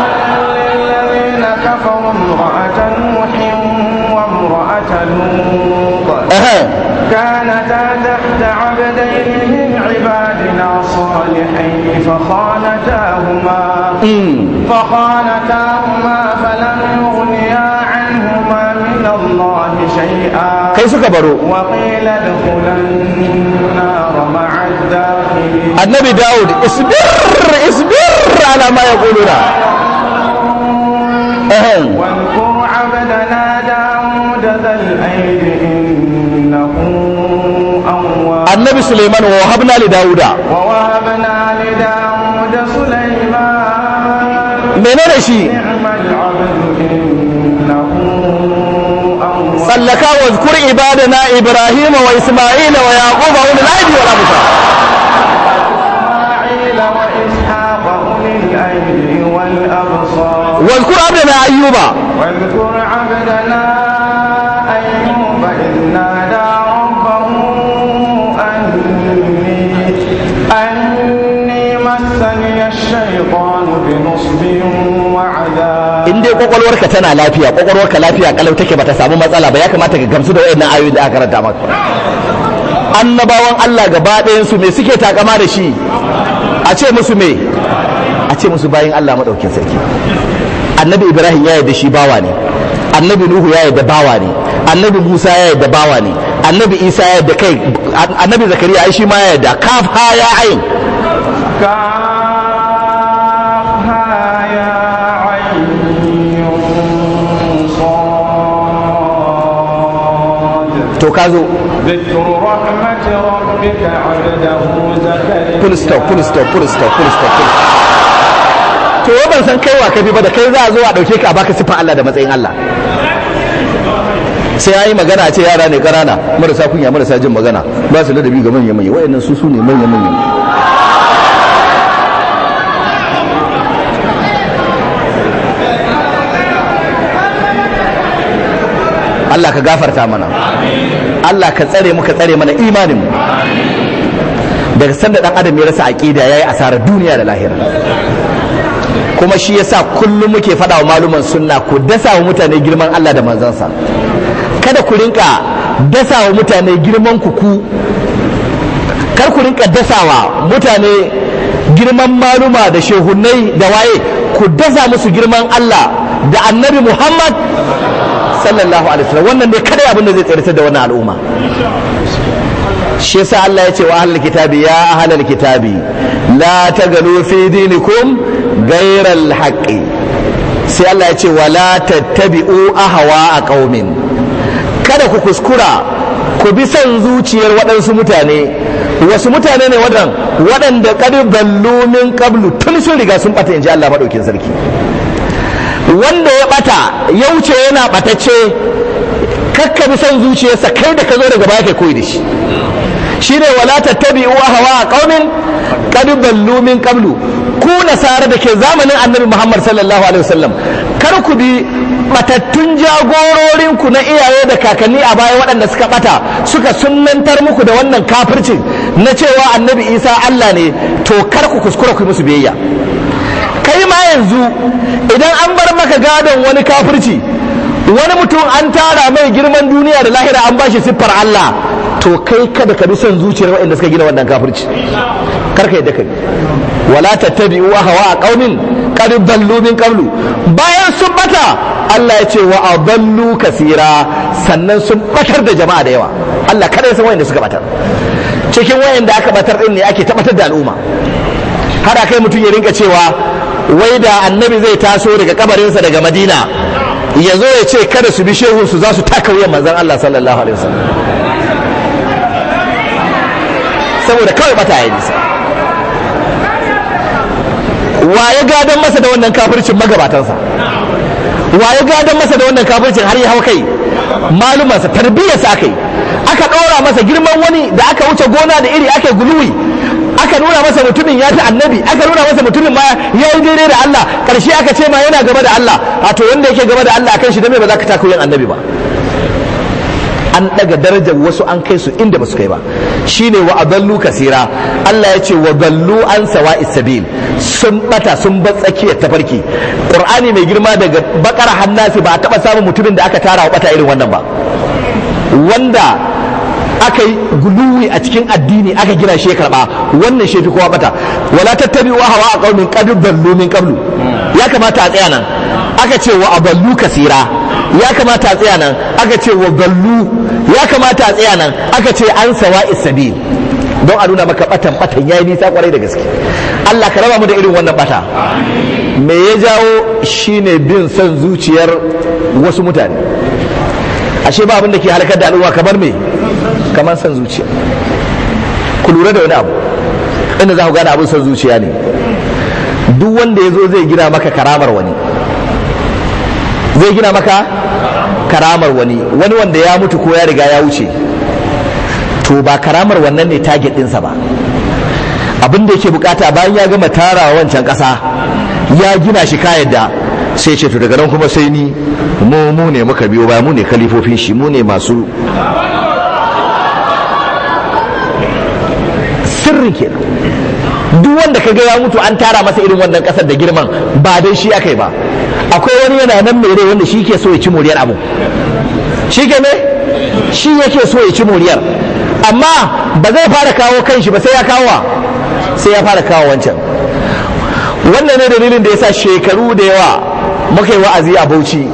فخانتاهما فخانتاهما فلم يغنيا عنهما من الله شيئا كيف كبروا وقيل ادخلا النار مع الداخلين النبي داود اصبر اصبر على ما يقولون واذكر عبدنا داود ذا الأيد إنه أواب النبي سليمان ووهبنا لداود ووهبنا da shi sallaka wa zkur ibadana ibrahim wa isma'ila wa yaqub wa ulul aidi wal absar واذكر عبدنا أيوب kwakwalwarka tana lafiya kwakwalwarka lafiya kalau take bata samu matsala ba ya kamata ka gamsu da wayannan ayoyin da aka karanta maka annabawan Allah gaba ɗayan su me suke takama da shi a ce musu me a ce musu bayin Allah madaukin sarki annabi Ibrahim ya yarda shi bawa ne annabi Nuhu ya yarda bawa ne annabi Musa ya yarda bawa ne annabi Isa ya yarda kai annabi Zakariya ai shi ma ya yarda kaf ha ya ayin ka zo full stop full stop full stop full stop to ban san kai wa kafi ba da kai za a zo a dauke ka a baka sifan Allah da matsayin Allah sai ya yi magana ce yara ne ƙanana marasa kunya marasa jin magana ba su ladabi ga manya manya wayannan su su ne manya manya Allah ka gafarta mana Allah ka tsare mu ka tsare mana imanin mu daga sanda dan adam ya rasa aqida yayi asara duniya da lahira kuma shi yasa kullum muke faɗa wa maluman sunna ku dasa wa mutane girman Allah da manzansa kada ku rinka dasa wa mutane girman ku ku kar ku rinka dasawa mutane girman maluma da shehunnai da waye ku dasa musu girman Allah da annabi muhammad sallallahu alaihi wasallam wannan ne kada abin da zai tsirtar da wannan al'umma shi yasa Allah ya ce wa ahlul kitabi ya ahlul kitabi la tagalu fi dinikum ghayral haqqi sai Allah ya ce wa la tattabi'u ahwa a qaumin kada ku kuskura ku bi son zuciyar waɗansu mutane wasu mutane ne waɗanda ƙarballu min kablu tun sun riga sun bata inji Allah madaukin sarki wanda ya bata ya wuce yana batacce kakka bi son zuciyarsa kai da ka zo daga baya kai koyi da shi shi shine wala a hawa a ƙaunin ballu min qablu ku nasara da ke zamanin annabi Muhammad sallallahu alaihi wasallam kar ku bi matattun jagororinku na iyaye da kakanni a baya waɗanda suka bata suka sunnantar muku da wannan kafircin na cewa annabi Isa Allah ne to kar ku kuskura ku musu biyayya ma yanzu idan an bar maka gadon wani kafirci wani mutum an tara mai girman duniya da lahira an bashi siffar Allah to kai kada ka bi son zuciyar waɗanda suka gina wannan kafirci kar ka yadda ka bi wala wa hawa a qaumin qad dallu min qablu bayan sun bata Allah ya ce wa adallu kasira sannan sun batar da jama'a da yawa Allah kada ya san waɗanda suka batar cikin wanda aka batar din ne ake tabbatar da al'umma har akai mutum ya rinka cewa wai da annabi zai taso daga kabarinsa daga madina ya zo ya ce kada su bi shehu su za su taka wuyan manzan Allah sallallahu alaihi wasallam saboda kawai bata yi nisa wa ya gadon masa da wannan kafircin magabatansa wa ya gadon masa da wannan kafircin har ya hau kai malumansa tarbiyyarsa aka yi aka ɗora masa girman wani da aka wuce gona da iri aka yi guluwi aka nuna masa mutumin ya fi annabi aka nuna masa mutumin ma ya yi daidai da Allah karshe aka ce ma yana gaba da Allah a to wanda yake gaba da Allah a kan shi dame ba za ka tako yin annabi ba an daga darajar wasu an kai su inda ba su kai ba shine wa adallu kasira Allah ya ce wa dallu an sawa isabil sun bata sun bar tsakiyar tafarki qur'ani mai girma daga bakara hannasi ba a taba samun mutumin da aka tara wa bata irin wannan ba wanda aka yi guluwi a cikin addini aka gina shi karba wannan shi fi kowa bata wala wa hawa a qaumin qad dallu min qablu ya kamata a tsaya nan aka ce wa aballu kasira ya kamata a tsaya nan aka ce wa ballu ya kamata a tsaya nan aka ce an sawa isabil don a nuna maka batan batan yayi nisa kwarai da gaske Allah ka raba mu da irin wannan bata me ya jawo shine bin son zuciyar wasu mutane ashe ba abin da ke halakar da al'umma kamar me kamar san zuciya ku lura da wani abu inda za ku gane abin san zuciya ne duk wanda ya zo zai gina maka karamar wani zai gina maka karamar wani wani wanda ya mutu ko ya riga ya wuce to ba karamar wannan ne target ɗinsa ba abin da yake bukata bayan ya gama tara wancan ƙasa ya gina shi ka yadda sai ce to daga nan kuma sai ni mu mu ne muka biyo ba mu ne kalifofin shi mu ne masu sirri ke duk wanda ka ga ya mutu an tara masa irin wannan kasar da girman ba dai shi akai ba akwai wani yana nan mai rai wanda shi ke so ya ci moriyar abu shi ke ne shi yake so ya ci moriyar amma ba zai fara kawo kan shi ba sai ya kawo sai ya fara kawo wancan wannan ne dalilin da ya sa shekaru da yawa muka yi wa'azi a bauchi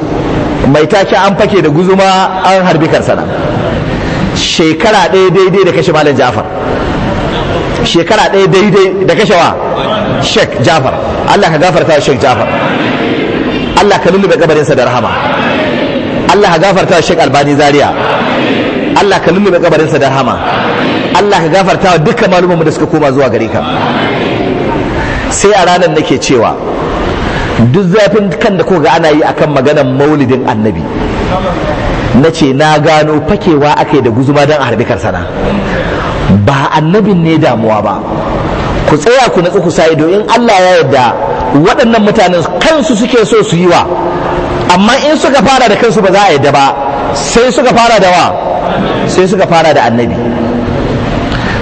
mai take an fake da guzuma an harbi karsana shekara ɗaya daidai da kashe malam jafar shekara ɗaya daidai da kashewa shek Jafar Allah ka gafarta shek Jafar Allah ka lullube kabarinsa da rahama Allah ka gafarta shek Albani Zaria Allah ka lullube kabarinsa da rahama Allah ka gafarta duka malumanmu da suka koma zuwa gare ka sai a ranar nake cewa duk zafin kan da kuka ga ana yi akan maganar maulidin annabi na ce na gano fakewa aka yi da guzuma don a harbi karsana ba annabin ne damuwa ba ku tsaya ku na ku sa'ido in Allah ya yarda waɗannan mutanen kansu suke so su yi wa amma in suka fara da kansu ba za a yarda ba sai suka fara da wa sai suka fara da annabi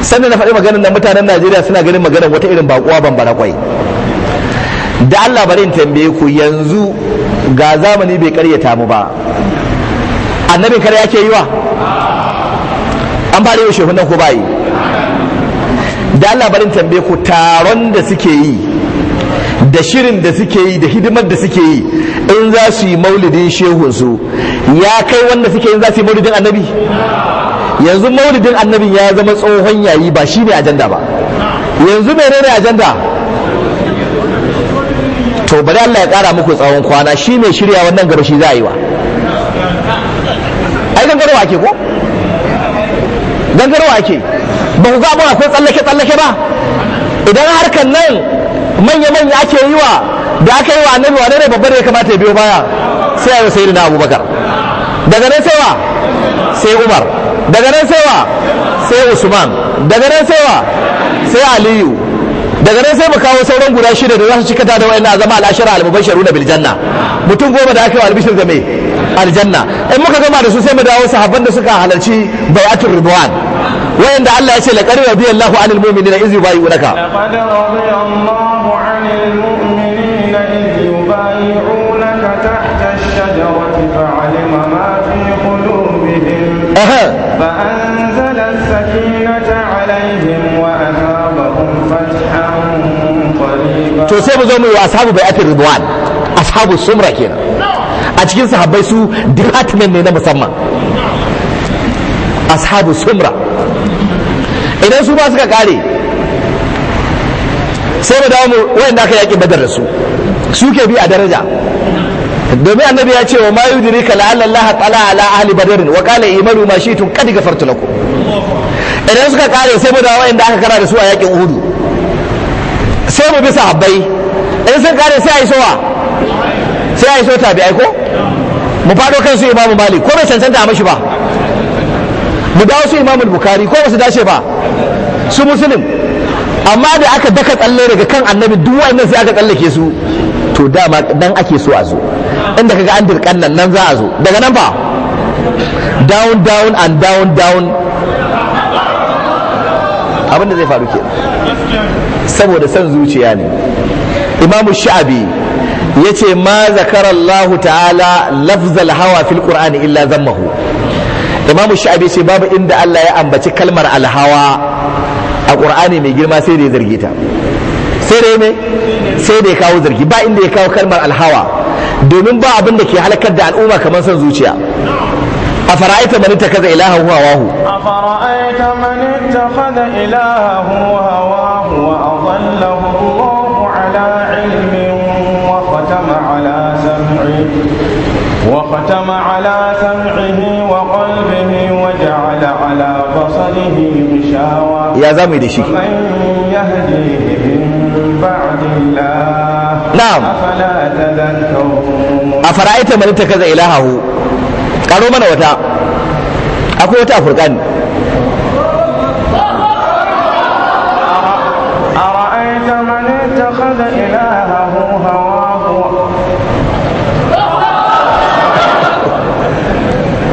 sannan na faɗi maganar da mutanen Najeriya suna ganin maganar wata irin baƙuwa bambara kwai da Allah bari in tambaye ku yanzu ga zamani bai karyata mu ba annabin kare yake yi wa an fara yi shehunan ko ba da Allah barin tambaye ku taron da suke yi da shirin da suke yi da hidimar da suke yi in za su yi maulidin shehunsu ya kai wanda suke in za su yi maulidin annabi yanzu maulidin annabi ya zama tsohon yayi ba shi ne ajanda ba yanzu menene ajanda to bari Allah ya kara muku tsawon kwana shi mai shirya wannan gaba shi za a yi wa ai gangarwa ake ko gangarwa ake ba ku ga abin akwai tsallake-tsallake ba idan harkar nan manya-manya ake yi wa da aka yi wa annabi wane ne babba da ya kamata ya biyo baya sai a yi sayi abubakar daga nan sai wa sai umar daga nan sai wa sai usman daga nan sai wa sai aliyu daga nan sai mu kawo sauran guda shida da za su ta da wayannan zama al'ashara al-mubashiru da biljanna mutum goma da aka yi albishir da mai aljanna in muka gama da su sai mu dawo sahabban da suka halarci bayatul ridwan wayanda Allah ya ce laqad radiyallahu anil mu'minina iz yubayyi'unaka laqad radiyallahu anil mu'minina iz yubayyi'unaka فأنزل السكينة عليهم وأثابهم فتحا قريبا to sai mu zo mu yi ashabu bai'atir ridwan ashabu sumra kenan a cikin sahabbai su department ne na musamman ashabu sumra idan su ba suka kare sai mu dawo mu wayanda aka yaki badar da su su ke bi a daraja domin annabi ya ce wa ma yudrika la'alla Allah ta'ala ala ahli badarin wa qala imanu ma tun kadi ghafartu lakum idan suka kare sai mu dawo wayanda aka kara da su a yakin Uhud sai mu bi sahabbai idan suka kare sai yi sowa sai yi so tabi'ai ko mu fado kansu imamu mali ko bai cancanta a mashi ba mu dawo su imam bukhari ko ba su dace ba su muslim amma da aka daka tsalle daga kan annabi duk wannan sai aka tsallake su to dama dan ake so a zo inda kaga an dirkan nan nan za a zo daga nan ba down down and down down abin da zai faru ke saboda son zuciya ne imamu sha'abi ya ce ma zakara Allah ta'ala lafzal hawa fil qur'ani illa zammahu imamu sha'abi sai babu inda Allah ya ambaci kalmar alhawa a qur'ani mai girma sai da ya zarge ta sai dai me sai da ya kawo zargi ba inda ya kawo kalmar alhawa domin ba abin da ke halakar da al'umma kamar son zuciya a fara'aita man ittakhadha ilaha huwa wahu a fara'aita man ittakhadha ilaha huwa wahu wa adallahu Allahu ala ilmin wa khatama ala sam'i wa khatama ala sam'i ya za mu yi da shi na'am a fara'aita mani ta kaza ilahahu karo mana wata akwai wata a furkan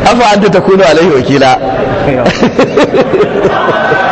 afa an ta takunu alaihi wakila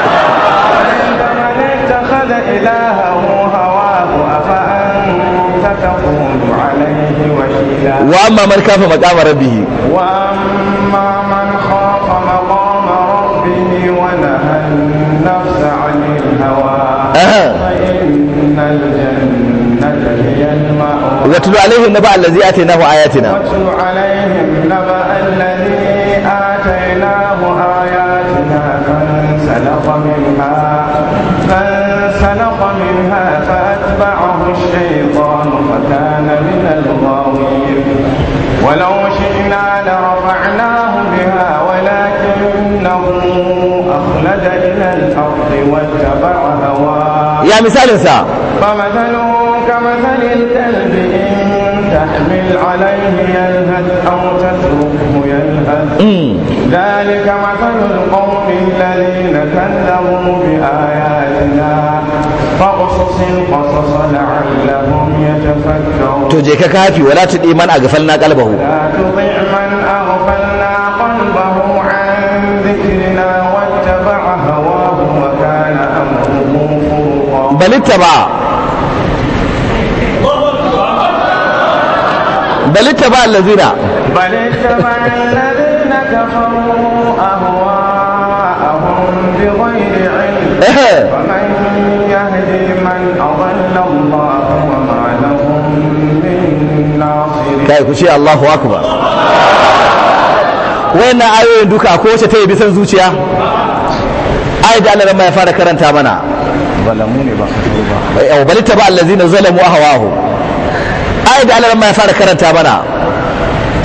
واما من خاف مقام ربه واما من خاف مقام ربه ونهى النفس عن الهوى فان الجنه هي المأوى واتل عليهم نبأ الذي اتيناه اياتنا واتل عليهم نبأ الذي اتيناه اياتنا فانسلخ منها فانسلخ منها فاتبعه الشيطان ولو شئنا لرفعناه بها ولكنه أخلد إلى الأرض واتبع هواه يا مثال سا فمثله كمثل الكلب إن تحمل عليه يلهث أو تتركه يلهث ذلك مثل القوم الذين كذبوا بآياتنا to je ka kafi wala ta man a gafal na kalbahu balitta ba balitta ba allazina balitta ba allazina kafaru ahwa lillahi ku ce Allahu akbar wannan ayoyin duka ko wace ta yi bisan zuciya ai da Allah ya fara karanta mana balamu ne ba ba bali taba allazina zalamu ahwahu ai da Allah ya fara karanta mana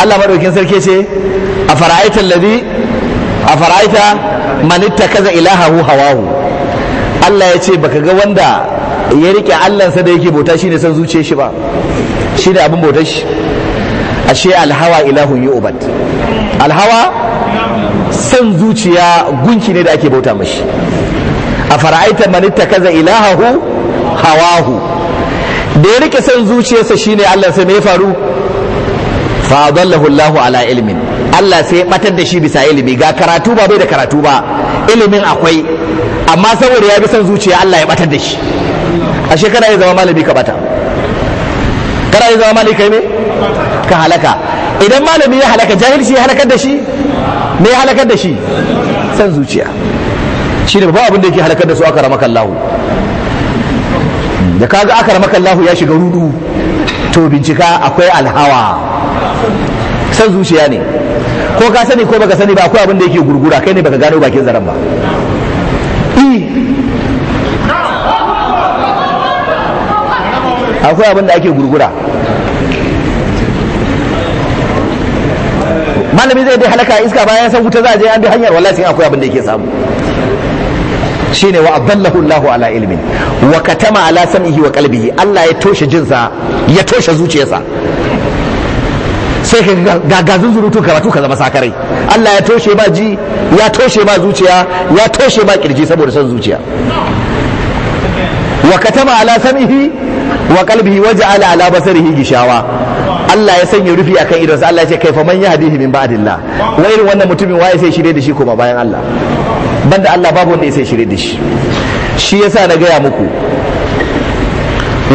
Allah madaukin sarki ce a fara'aita allazi a fara'aita man ittakaza ilahahu hawahu Allah ya ce baka ga wanda ya rike allansa da yake bauta shine san zuciyar shi ba Shi da abin bautar shi ashe alhawa ilahun yu'bad alhawa san zuciya gunki ne da ake bauta mashi a fara'aita manita kaza ilahahu hawahu da ya rike san zuciyarsa shine Allah sai mai ya faru fa Allahu ala ilmin Allah sai ya batar da shi bisa ilimi ga karatu ba bai da karatu ba ilimin akwai amma saboda ya bi san zuciya Allah ya batar da shi a shekara ya zama malami ka bata kana yi zama malami kai ne ka halaka idan malami ya halaka jahilci ya halakar da shi me ya halakar da shi san zuciya shi ne babban abin da yake halakar da su aka ramakan lahu da kaga aka ramakan lahu ya shiga rudu to bincika akwai alhawa san zuciya ne ko ka sani ko baka sani ba akwai abin da yake gurgura kai ne baka gano bakin zaran ba akwai abin da ake gurgura malami zai dai halaka iska bayan san wuta za a je an bi hanyar wallahi sai akwai abin da yake samu shine wa adallahu Allahu ala ilmin wa katama ala sam'ihi wa qalbihi Allah ya toshe jinsa ya toshe zuciyarsa sai ka ga zurutu karatu ka zama sakarai Allah ya toshe ba ji ya toshe ba zuciya ya toshe ba kirji saboda son zuciya wa katama ala sam'ihi wa qalbihi waje ala basarihi gishawa Allah ya sanya rufi akan idonsa Allah ya ce kaifa man yahdihi min ba'dillah wa irin wannan mutumin waye sai shirye da shi kuma bayan Allah banda Allah babu wanda ya sai shirye da shi shi yasa na gaya muku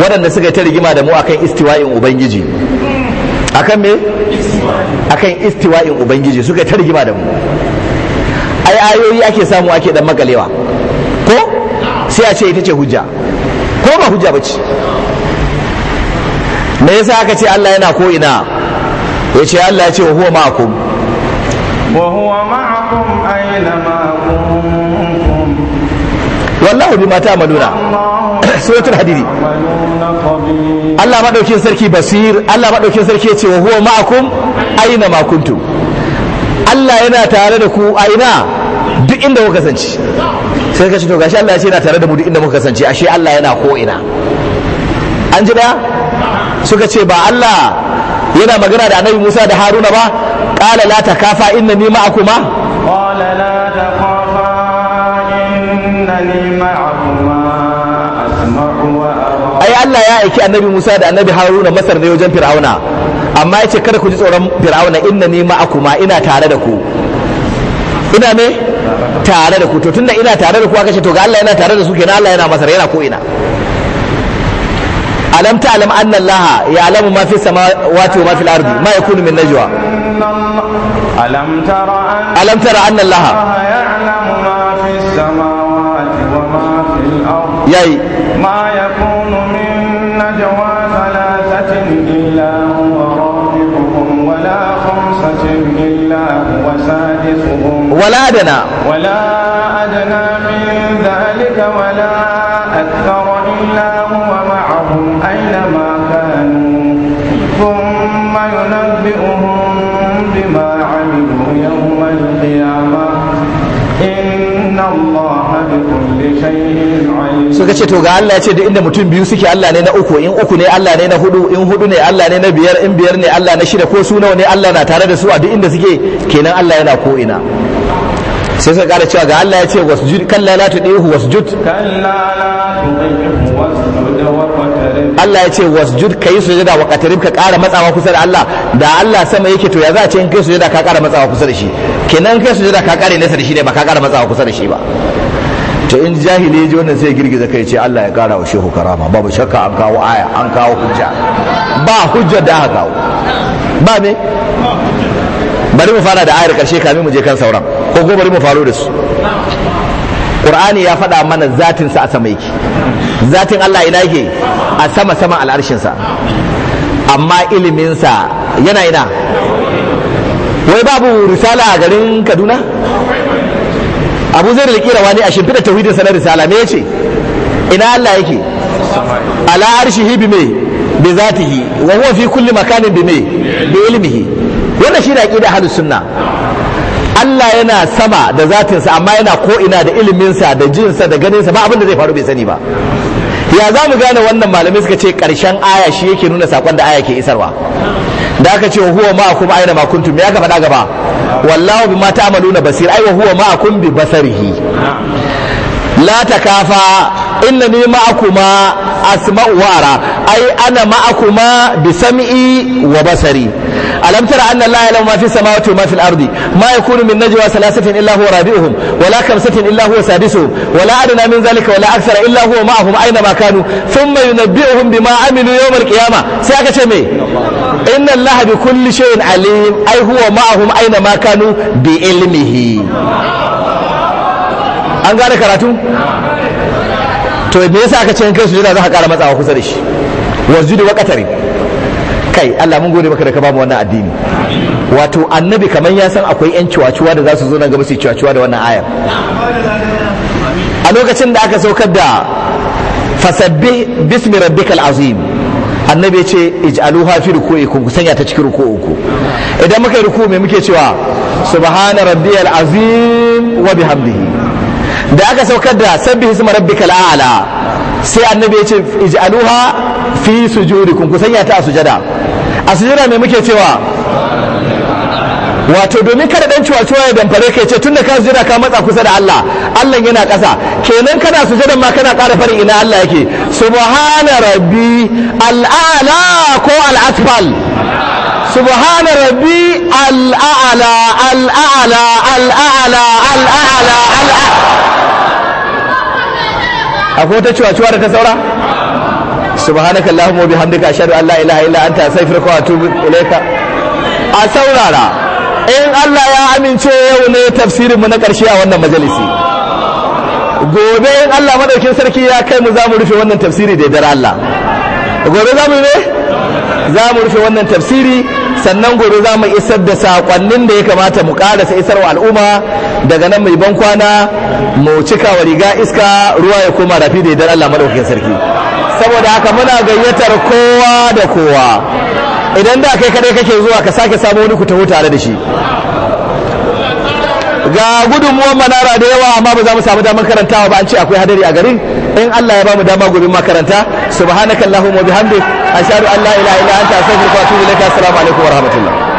waɗanda suka ta rigima da mu akan istiwa'in ubangiji akan me akan istiwa'in ubangiji suka ta rigima da mu ai ayoyi ake samu ake dan magalewa ko sai a ce ita ce hujja ko ba hujja bace me yasa aka ce Allah yana ko ina ya ce Allah ya ce wa huwa ma'akum wa huwa ma'akum aina ma'akum wallahu bima ta'maluna suratul hadidi Allah madaukin sarki basir Allah madaukin sarki ya ce wa huwa ma'akum aina ma Allah yana tare da ku aina duk inda kuka kasance sai ka ce to gashi Allah ya ce yana tare da mu duk inda muka kasance ashe Allah yana ko ina an ji da suka ce ba Allah yana magana da annabi Musa da Haruna ba qala la takafa innani ma'akuma qala la takafa innani ma'akuma asma'u wa ara ai Allah ya aiki annabi Musa da annabi Haruna Masar ne wajen Fir'auna amma yace kada ku ji tsoron Fir'auna innani ma'akuma ina tare da ku ina ne tare da ku to tunda ina tare da ku aka ce to ga Allah yana tare da su kenan Allah yana masar yana ko ina alam ta'lam anna allaha ya'lamu ma fi samawati wa ma fil ardi ma yakunu min najwa alam tara alam tara anna allaha ya'lamu ma fi samawati wa ma ardi ma yakunu min najwa thalathatin illa huwa wa la khamsatin illa huwa sadisuhum wala adana wala adana min dhalika wa ينبئهم بما عملوا يوم القيامة إن الله بكل شيء suka ce to ga Allah ya ce duk inda mutum biyu suke Allah ne na uku in uku ne Allah ne na hudu in hudu ne Allah ne na biyar in biyar ne Allah na shida ko su nawa ne Allah na tare da su a duk inda suke kenan Allah yana ko ina sai suka kara cewa ga Allah ya ce wasjud kalla la tudihu wasjud kalla la tudihu Allah ya ce wasjud kai sujada wa qatarib ka ƙara matsawa kusa da Allah da Allah sama yake to ya za a ce in kai sujada ka ƙara matsawa kusa da shi kenan kai sujada ka ƙare nesa da shi ne ba ka ƙara matsawa kusa da shi ba to in jahili ya ji wannan sai girgiza kai ce Allah ya ƙara wa shehu karama babu shakka an kawo aya an kawo hujja ba hujja da aka kawo ba me bari mu fara da ayar karshe kamin mu je kan sauran ko bari mu faro da su qur'ani ya faɗa mana zatin sa a sama yake zatin Allah ina yake a sama sama al'arshin sa amma ilimin sa yana ina wai babu risala a garin Kaduna Abu zai rikira wani a shimfiɗa tauhidin sa na risala me ce? ina Allah yake ala arshihi bi me bi zatihi wa huwa fi kulli makanin bi me bi ilmihi wannan shi ne aqida ahlus sunna Allah yana sama da zatinsa amma yana ko'ina da iliminsa da jinsa da ganinsa ba abin zai faru bai sani ba ya za mu gane wannan malamai suka ce karshen aya shi yake nuna sakon da aya ke isarwa da aka ce huwa ma kuma aina makuntum ya gaba faɗa gaba wallahu bima ta'maluna basir ai wa huwa ma'akum bi basarihi la takafa innani ma'akuma asma'u wa ara ai ana ma'akuma bi sam'i wa basari Alamtar tara anna allaha ya'lamu ma fi ardi ma yakunu min najwa thalathatin illa huwa rabi'uhum wala khamsatin illa huwa sadisuhum wala adna min zalika wala akthara illa huwa aina ma kanu thumma yunabbi'uhum bima amilu yawm al-qiyamah sai aka ce me inna allaha bi kulli shay'in alim ma'ahum aina an gane karatu to me yasa aka ce in kai sujada za ka kara matsawa kusa da shi wasjudu wa qatari kai Allah mun gode maka da ka bamu wannan addini wato annabi kamar ya san akwai yan ciwaciwa da za su zo nan gaba su ciwaciwa da wannan ayar a lokacin da aka saukar da fasabbi bismi rabbikal azim annabi ya ce ij'aluha fi ruku'ikum ku sanya ta cikin ruku'uku idan muka yi ruku mai muke cewa subhana rabbiyal azim wa bihamdihi da aka saukar da sabbi isma rabbikal a'la sai annabi ya ce ij'aluha fi sujudikum ku sanya ta a sujada a sujada me muke cewa wato domin kada dan ciwa-ciwa ya damfare ka ce tunda ka a ka matsa kusa da Allah Allah yana kasa kenan kana sujada ma kana kara farin ina Allah yake subhana rabbi al'ala ko al'asfal subhana rabbi al'ala al'ala al'ala al'ala al'ala akwai wata ciwa-ciwa da ta saura subhanaka allahumma bihamdika ashhadu an la ilaha illa anta astaghfiruka wa atubu ilaika a saurara in Allah ya amince yau ne tafsirin mu na karshe a wannan majalisi gobe in Allah madaukin sarki ya kai mu za mu rufe wannan tafsiri da dare Allah gobe za mu ne za mu rufe wannan tafsiri sannan gobe za mu isar da sakonnin da ya kamata mu karasa wa al'umma daga nan mai ban kwana mu cika wa riga iska ruwa ya koma rafi da dare Allah madaukakin sarki saboda haka muna gayyatar kowa da kowa idan da kai kadai kake zuwa ka sake samu wani kuta tare da shi ga gudunmuwan manara da yawa amma ba za mu samu damar karantawa ba an ce akwai hadari a garin in Allah ya ba mu dama gobe makaranta subhanakallahumma wa bihamdik ashhadu an la ilaha illa anta astaghfiruka wa atubu ilaik assalamu alaikum wa rahmatullah